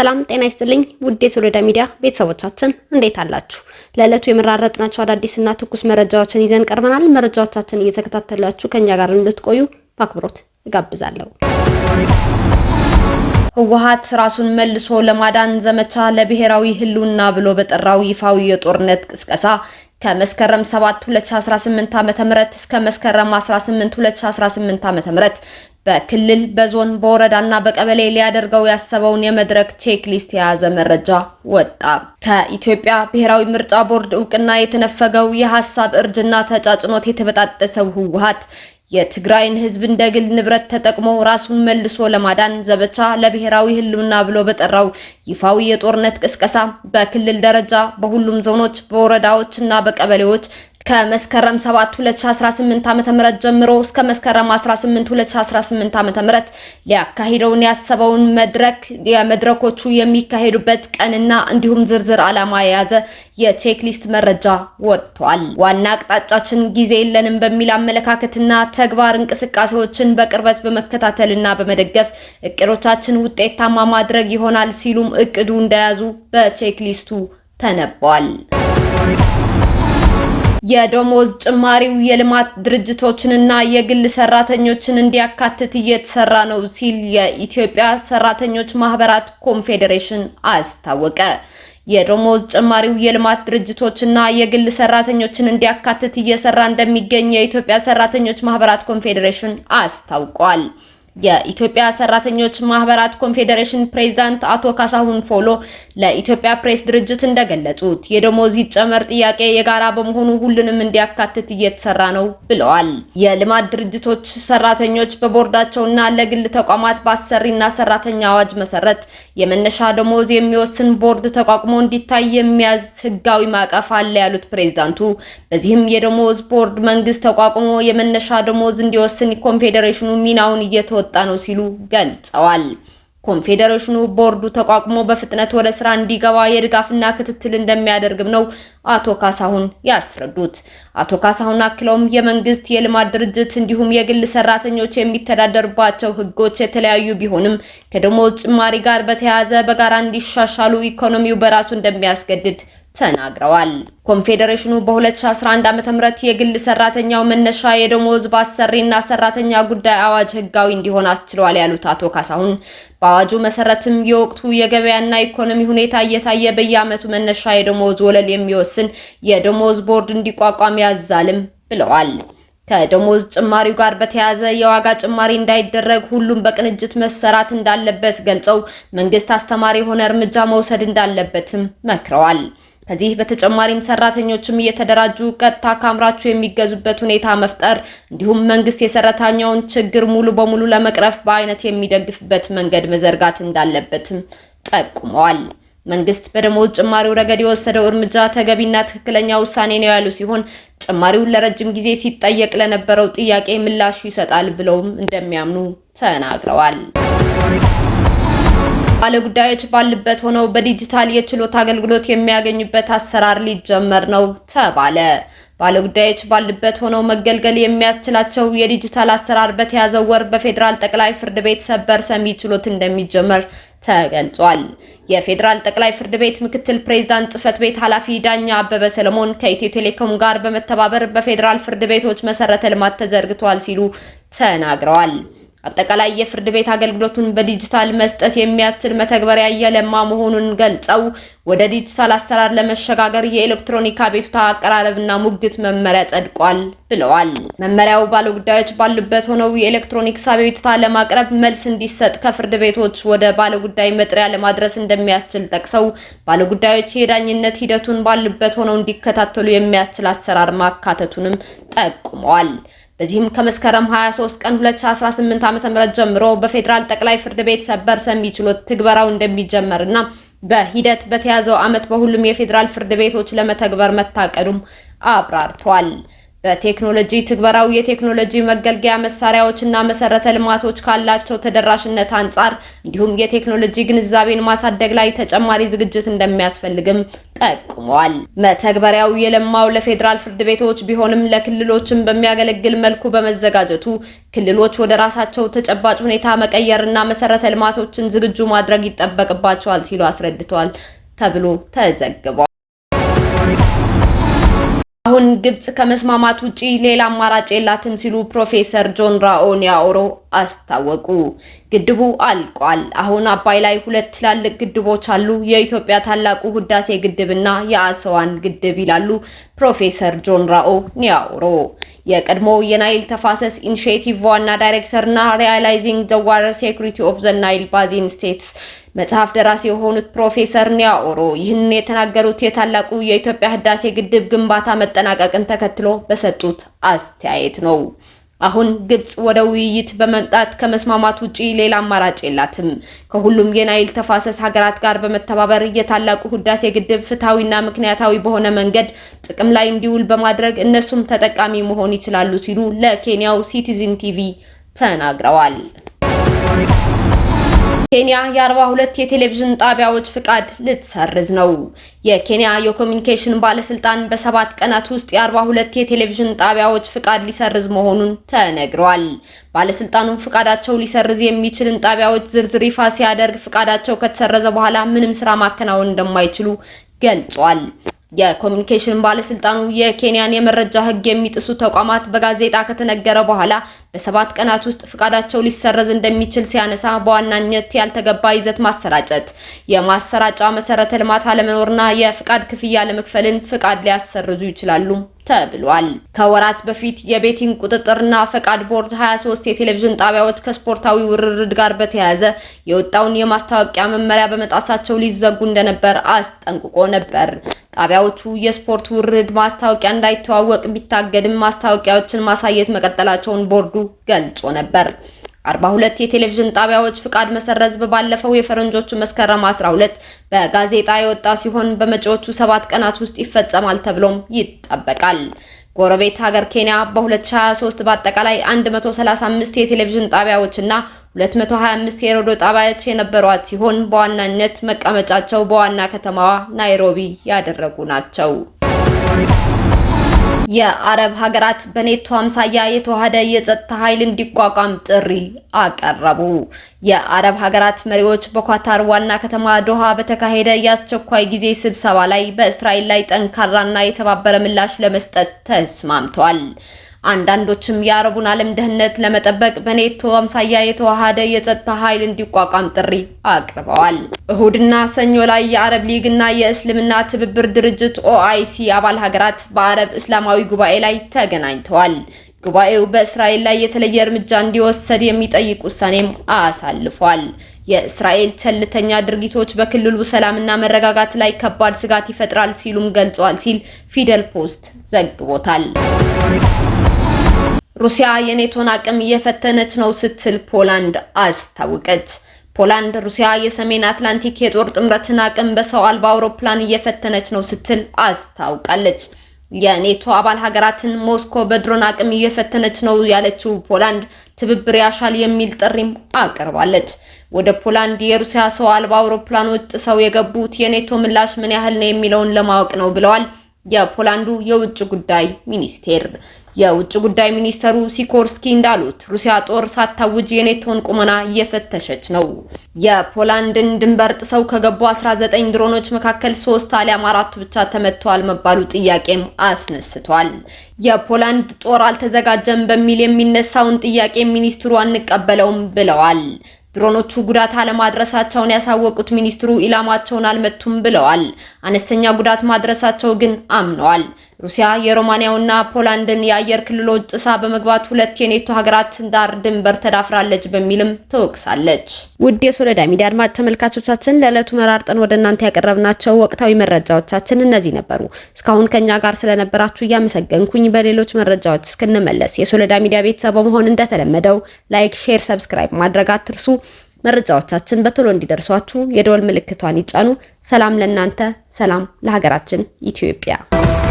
ሰላም ጤና ይስጥልኝ ውድ የሶሎዳ ሚዲያ ቤተሰቦቻችን እንዴት አላችሁ? ለዕለቱ የመራረጥናቸው አዳዲስና ትኩስ መረጃዎችን ይዘን ቀርበናል። መረጃዎቻችን እየተከታተላችሁ ከእኛ ጋር እንድትቆዩ በአክብሮት እጋብዛለሁ። ህወሓት ራሱን መልሶ ለማዳን ዘመቻ ለብሔራዊ ህልውና ብሎ በጠራው ይፋዊ የጦርነት ቅስቀሳ ከመስከረም 7 2018 ዓ.ም እስከ መስከረም 18 2018 ዓ.ም በክልል በዞን በወረዳና በቀበሌ ሊያደርገው ያሰበውን የመድረክ ቼክሊስት የያዘ መረጃ ወጣ። ከኢትዮጵያ ብሔራዊ ምርጫ ቦርድ እውቅና የተነፈገው የሀሳብ እርጅና ተጫጭኖት የተበጣጠሰው ህወሓት የትግራይን ህዝብ እንደ ግል ንብረት ተጠቅሞ ራሱን መልሶ ለማዳን ዘመቻ ለብሔራዊ ህልውና ብሎ በጠራው ይፋዊ የጦርነት ቅስቀሳ በክልል ደረጃ በሁሉም ዞኖች፣ በወረዳዎች እና በቀበሌዎች ከመስከረም 7 2018 ዓ.ም ጀምሮ እስከ መስከረም 18 2018 ዓ.ም ሊያካሂደውን ያሰበውን መድረክ የመድረኮቹ የሚካሄዱበት ቀንና እንዲሁም ዝርዝር ዓላማ የያዘ የቼክሊስት መረጃ ወጥቷል። ዋና አቅጣጫችን ጊዜ የለንም በሚል አመለካከትና ተግባር እንቅስቃሴዎችን በቅርበት በመከታተልና በመደገፍ እቅዶቻችን ውጤታማ ማድረግ ይሆናል ሲሉም እቅዱ እንደያዙ በቼክሊስቱ ተነቧል። የደሞዝ ጭማሪው የልማት ድርጅቶችንና የግል ሰራተኞችን እንዲያካትት እየተሰራ ነው ሲል የኢትዮጵያ ሰራተኞች ማህበራት ኮንፌዴሬሽን አስታወቀ። የደሞዝ ጭማሪው የልማት ድርጅቶችና የግል ሰራተኞችን እንዲያካትት እየሰራ እንደሚገኝ የኢትዮጵያ ሰራተኞች ማህበራት ኮንፌዴሬሽን አስታውቋል። የኢትዮጵያ ሰራተኞች ማህበራት ኮንፌዴሬሽን ፕሬዝዳንት አቶ ካሳሁን ፎሎ ለኢትዮጵያ ፕሬስ ድርጅት እንደገለጹት የደሞዝ ይጨመር ጥያቄ የጋራ በመሆኑ ሁሉንም እንዲያካትት እየተሰራ ነው ብለዋል። የልማት ድርጅቶች ሰራተኞች በቦርዳቸውና ለግል ተቋማት በአሰሪና ሰራተኛ አዋጅ መሰረት የመነሻ ደሞዝ የሚወስን ቦርድ ተቋቁሞ እንዲታይ የሚያዝ ህጋዊ ማዕቀፍ አለ ያሉት ፕሬዝዳንቱ በዚህም የደሞዝ ቦርድ መንግስት ተቋቁሞ የመነሻ ደሞዝ እንዲወስን ኮንፌዴሬሽኑ ሚናውን እየተወ ወጣ ነው ሲሉ ገልጸዋል። ኮንፌዴሬሽኑ ቦርዱ ተቋቁሞ በፍጥነት ወደ ስራ እንዲገባ የድጋፍና ክትትል እንደሚያደርግም ነው አቶ ካሳሁን ያስረዱት። አቶ ካሳሁን አክለውም የመንግስት የልማት ድርጅት እንዲሁም የግል ሰራተኞች የሚተዳደሩባቸው ህጎች የተለያዩ ቢሆንም ከደሞዝ ጭማሪ ጋር በተያያዘ በጋራ እንዲሻሻሉ ኢኮኖሚው በራሱ እንደሚያስገድድ ተናግረዋል። ኮንፌዴሬሽኑ በ2011 ዓ.ም የግል ሰራተኛው መነሻ የደሞዝ በአሰሪና ሰራተኛ ጉዳይ አዋጅ ህጋዊ እንዲሆን አስችሏል ያሉት አቶ ካሳሁን በአዋጁ መሰረትም የወቅቱ የገበያና ኢኮኖሚ ሁኔታ እየታየ በየዓመቱ መነሻ የደሞዝ ወለል የሚወስን የደሞዝ ቦርድ እንዲቋቋም ያዛልም ብለዋል። ከደሞዝ ጭማሪው ጋር በተያያዘ የዋጋ ጭማሪ እንዳይደረግ ሁሉም በቅንጅት መሰራት እንዳለበት ገልጸው መንግስት አስተማሪ የሆነ እርምጃ መውሰድ እንዳለበትም መክረዋል። ከዚህ በተጨማሪም ሰራተኞችም እየተደራጁ ቀጥታ ከአምራቹ የሚገዙበት ሁኔታ መፍጠር እንዲሁም መንግስት የሰራተኛውን ችግር ሙሉ በሙሉ ለመቅረፍ በአይነት የሚደግፍበት መንገድ መዘርጋት እንዳለበትም ጠቁመዋል። መንግስት በደሞዝ ጭማሪው ረገድ የወሰደው እርምጃ ተገቢና ትክክለኛ ውሳኔ ነው ያሉ ሲሆን ጭማሪውን ለረጅም ጊዜ ሲጠየቅ ለነበረው ጥያቄ ምላሽ ይሰጣል ብለውም እንደሚያምኑ ተናግረዋል። ባለጉዳዮች ባሉበት ሆነው በዲጂታል የችሎት አገልግሎት የሚያገኙበት አሰራር ሊጀመር ነው ተባለ። ባለጉዳዮች ባሉበት ሆነው መገልገል የሚያስችላቸው የዲጂታል አሰራር በተያዘው ወር በፌዴራል ጠቅላይ ፍርድ ቤት ሰበር ሰሚ ችሎት እንደሚጀመር ተገልጿል። የፌዴራል ጠቅላይ ፍርድ ቤት ምክትል ፕሬዝዳንት ጽህፈት ቤት ኃላፊ ዳኛ አበበ ሰለሞን ከኢትዮ ቴሌኮም ጋር በመተባበር በፌዴራል ፍርድ ቤቶች መሰረተ ልማት ተዘርግቷል ሲሉ ተናግረዋል። አጠቃላይ የፍርድ ቤት አገልግሎቱን በዲጂታል መስጠት የሚያስችል መተግበሪያ እየለማ መሆኑን ገልጸው ወደ ዲጂታል አሰራር ለመሸጋገር የኤሌክትሮኒክ አቤቱታ አቀራረብና ሙግት መመሪያ ጸድቋል ብለዋል። መመሪያው ባለጉዳዮች ባሉበት ሆነው የኤሌክትሮኒክስ አቤቱታ ለማቅረብ መልስ እንዲሰጥ ከፍርድ ቤቶች ወደ ባለጉዳይ መጥሪያ ለማድረስ እንደሚያስችል ጠቅሰው ባለጉዳዮች የዳኝነት ሂደቱን ባሉበት ሆነው እንዲከታተሉ የሚያስችል አሰራር ማካተቱንም ጠቁመዋል። በዚህም ከመስከረም 23 ቀን 2018 ዓ.ም ጀምሮ በፌዴራል ጠቅላይ ፍርድ ቤት ሰበር ሰሚ ችሎት ትግበራው እንደሚጀመርና በሂደት በተያዘው ዓመት በሁሉም የፌዴራል ፍርድ ቤቶች ለመተግበር መታቀዱም አብራርቷል። በቴክኖሎጂ ትግበራው የቴክኖሎጂ መገልገያ መሳሪያዎችና መሰረተ ልማቶች ካላቸው ተደራሽነት አንጻር እንዲሁም የቴክኖሎጂ ግንዛቤን ማሳደግ ላይ ተጨማሪ ዝግጅት እንደሚያስፈልግም ጠቁመዋል። መተግበሪያው የለማው ለፌዴራል ፍርድ ቤቶች ቢሆንም ለክልሎችም በሚያገለግል መልኩ በመዘጋጀቱ ክልሎች ወደ ራሳቸው ተጨባጭ ሁኔታ መቀየርና መሰረተ ልማቶችን ዝግጁ ማድረግ ይጠበቅባቸዋል ሲሉ አስረድተዋል ተብሎ ተዘግቧል። አሁን ግብጽ ከመስማማት ውጪ ሌላ አማራጭ የላትም ሲሉ ፕሮፌሰር ጆን ራኦን ያኦሮ አስታወቁ። ግድቡ አልቋል። አሁን አባይ ላይ ሁለት ትላልቅ ግድቦች አሉ፣ የኢትዮጵያ ታላቁ ህዳሴ ግድብ እና ግድብ ይላሉ ፕሮፌሰር ጆን ራኦ ኒያውሮ የቀድሞ የናይል ተፋሰስ ኢኒሺዬቲቭ ዋና ዳይሬክተርና እና ሪያላይዚንግ ዘ ዋተር ሴኩሪቲ ኦፍ ዘ ናይል ባዚን ስቴትስ መጽሐፍ ደራሲ የሆኑት ፕሮፌሰር ኒያኦሮ ይህን የተናገሩት የታላቁ የኢትዮጵያ ህዳሴ ግድብ ግንባታ መጠናቀቅን ተከትሎ በሰጡት አስተያየት ነው። አሁን ግብጽ ወደ ውይይት በመምጣት ከመስማማት ውጪ ሌላ አማራጭ የላትም። ከሁሉም የናይል ተፋሰስ ሀገራት ጋር በመተባበር የታላቁ ህዳሴ ግድብ ፍትሐዊና ምክንያታዊ በሆነ መንገድ ጥቅም ላይ እንዲውል በማድረግ እነሱም ተጠቃሚ መሆን ይችላሉ ሲሉ ለኬንያው ሲቲዝን ቲቪ ተናግረዋል። ኬንያ የአርባ ሁለት የቴሌቪዥን ጣቢያዎች ፍቃድ ልትሰርዝ ነው። የኬንያ የኮሚኒኬሽን ባለስልጣን በሰባት ቀናት ውስጥ የአርባ ሁለት የቴሌቪዥን ጣቢያዎች ፍቃድ ሊሰርዝ መሆኑን ተነግሯል። ባለስልጣኑም ፍቃዳቸው ሊሰርዝ የሚችልን ጣቢያዎች ዝርዝር ይፋ ሲያደርግ ፍቃዳቸው ከተሰረዘ በኋላ ምንም ስራ ማከናወን እንደማይችሉ ገልጿል። የኮሚኒኬሽን ባለስልጣኑ የኬንያን የመረጃ ህግ የሚጥሱ ተቋማት በጋዜጣ ከተነገረ በኋላ በሰባት ቀናት ውስጥ ፍቃዳቸው ሊሰረዝ እንደሚችል ሲያነሳ በዋናነት ያልተገባ ይዘት ማሰራጨት፣ የማሰራጫ መሰረተ ልማት አለመኖርና የፍቃድ ክፍያ ለመክፈልን ፍቃድ ሊያሰርዙ ይችላሉ። ተብሏል። ከወራት በፊት የቤቲን ቁጥጥርና ፈቃድ ቦርድ 23 የቴሌቪዥን ጣቢያዎች ከስፖርታዊ ውርርድ ጋር በተያያዘ የወጣውን የማስታወቂያ መመሪያ በመጣሳቸው ሊዘጉ እንደነበር አስጠንቅቆ ነበር። ጣቢያዎቹ የስፖርት ውርርድ ማስታወቂያ እንዳይተዋወቅ ቢታገድም ማስታወቂያዎችን ማሳየት መቀጠላቸውን ቦርዱ ገልጾ ነበር። 42 የቴሌቪዥን ጣቢያዎች ፍቃድ መሰረዝ ባለፈው የፈረንጆቹ መስከረም 12 በጋዜጣ የወጣ ሲሆን በመጪዎቹ ሰባት ቀናት ውስጥ ይፈጸማል ተብሎም ይጠበቃል። ጎረቤት ሀገር ኬንያ በ2023 በአጠቃላይ 135 የቴሌቪዥን ጣቢያዎች 225 የሮዶ ጣቢያዎች የነበሯት ሲሆን በዋናነት መቀመጫቸው በዋና ከተማዋ ናይሮቢ ያደረጉ ናቸው። የአረብ ሀገራት በኔቶ አምሳያ የተዋሃደ የጸጥታ ኃይል እንዲቋቋም ጥሪ አቀረቡ። የአረብ ሀገራት መሪዎች በኳታር ዋና ከተማ ዶሃ በተካሄደ የአስቸኳይ ጊዜ ስብሰባ ላይ በእስራኤል ላይ ጠንካራና የተባበረ ምላሽ ለመስጠት ተስማምተዋል። አንዳንዶችም የአረቡን ዓለም ደህንነት ለመጠበቅ በኔቶ አምሳያ የተዋሃደ የጸጥታ ኃይል እንዲቋቋም ጥሪ አቅርበዋል። እሁድና ሰኞ ላይ የአረብ ሊግና የእስልምና ትብብር ድርጅት ኦአይሲ አባል ሀገራት በአረብ እስላማዊ ጉባኤ ላይ ተገናኝተዋል። ጉባኤው በእስራኤል ላይ የተለየ እርምጃ እንዲወሰድ የሚጠይቅ ውሳኔም አሳልፏል። የእስራኤል ቸልተኛ ድርጊቶች በክልሉ ሰላምና መረጋጋት ላይ ከባድ ስጋት ይፈጥራል ሲሉም ገልጿል ሲል ፊደል ፖስት ዘግቦታል። ሩሲያ የኔቶን አቅም እየፈተነች ነው ስትል ፖላንድ አስታወቀች። ፖላንድ ሩሲያ የሰሜን አትላንቲክ የጦር ጥምረትን አቅም በሰው አልባ አውሮፕላን እየፈተነች ነው ስትል አስታውቃለች። የኔቶ አባል ሀገራትን ሞስኮ በድሮን አቅም እየፈተነች ነው ያለችው ፖላንድ ትብብር ያሻል የሚል ጥሪም አቅርባለች። ወደ ፖላንድ የሩሲያ ሰው አልባ አውሮፕላኖች ጥሰው የገቡት የኔቶ ምላሽ ምን ያህል ነው የሚለውን ለማወቅ ነው ብለዋል የፖላንዱ የውጭ ጉዳይ ሚኒስቴር። የውጭ ጉዳይ ሚኒስተሩ ሲኮርስኪ እንዳሉት ሩሲያ ጦር ሳታውጅ የኔቶን ቁመና እየፈተሸች ነው። የፖላንድን ድንበር ጥሰው ከገቡ 19 ድሮኖች መካከል ሶስት አሊያም አራቱ ብቻ ተመትተዋል መባሉ ጥያቄም አስነስቷል። የፖላንድ ጦር አልተዘጋጀም በሚል የሚነሳውን ጥያቄ ሚኒስትሩ አንቀበለውም ብለዋል። ድሮኖቹ ጉዳት አለማድረሳቸውን ያሳወቁት ሚኒስትሩ ኢላማቸውን አልመቱም ብለዋል። አነስተኛ ጉዳት ማድረሳቸው ግን አምነዋል። ሩሲያ የሮማንያውና ፖላንድን የአየር ክልሎች ጥሳ በመግባት ሁለት የኔቶ ሀገራት ዳር ድንበር ተዳፍራለች በሚልም ትወቅሳለች። ውድ የሶለዳ ሚዲያ አድማጭ ተመልካቾቻችን ለዕለቱ መራርጠን ወደ እናንተ ያቀረብናቸው ወቅታዊ መረጃዎቻችን እነዚህ ነበሩ። እስካሁን ከኛ ጋር ስለነበራችሁ እያመሰገንኩኝ በሌሎች መረጃዎች እስክንመለስ የሶለዳ ሚዲያ ቤተሰብ በመሆን እንደተለመደው ላይክ፣ ሼር፣ ሰብስክራይብ ማድረግ አትርሱ። መረጃዎቻችን በቶሎ እንዲደርሷችሁ የደወል ምልክቷን ይጫኑ። ሰላም ለእናንተ፣ ሰላም ለሀገራችን ኢትዮጵያ።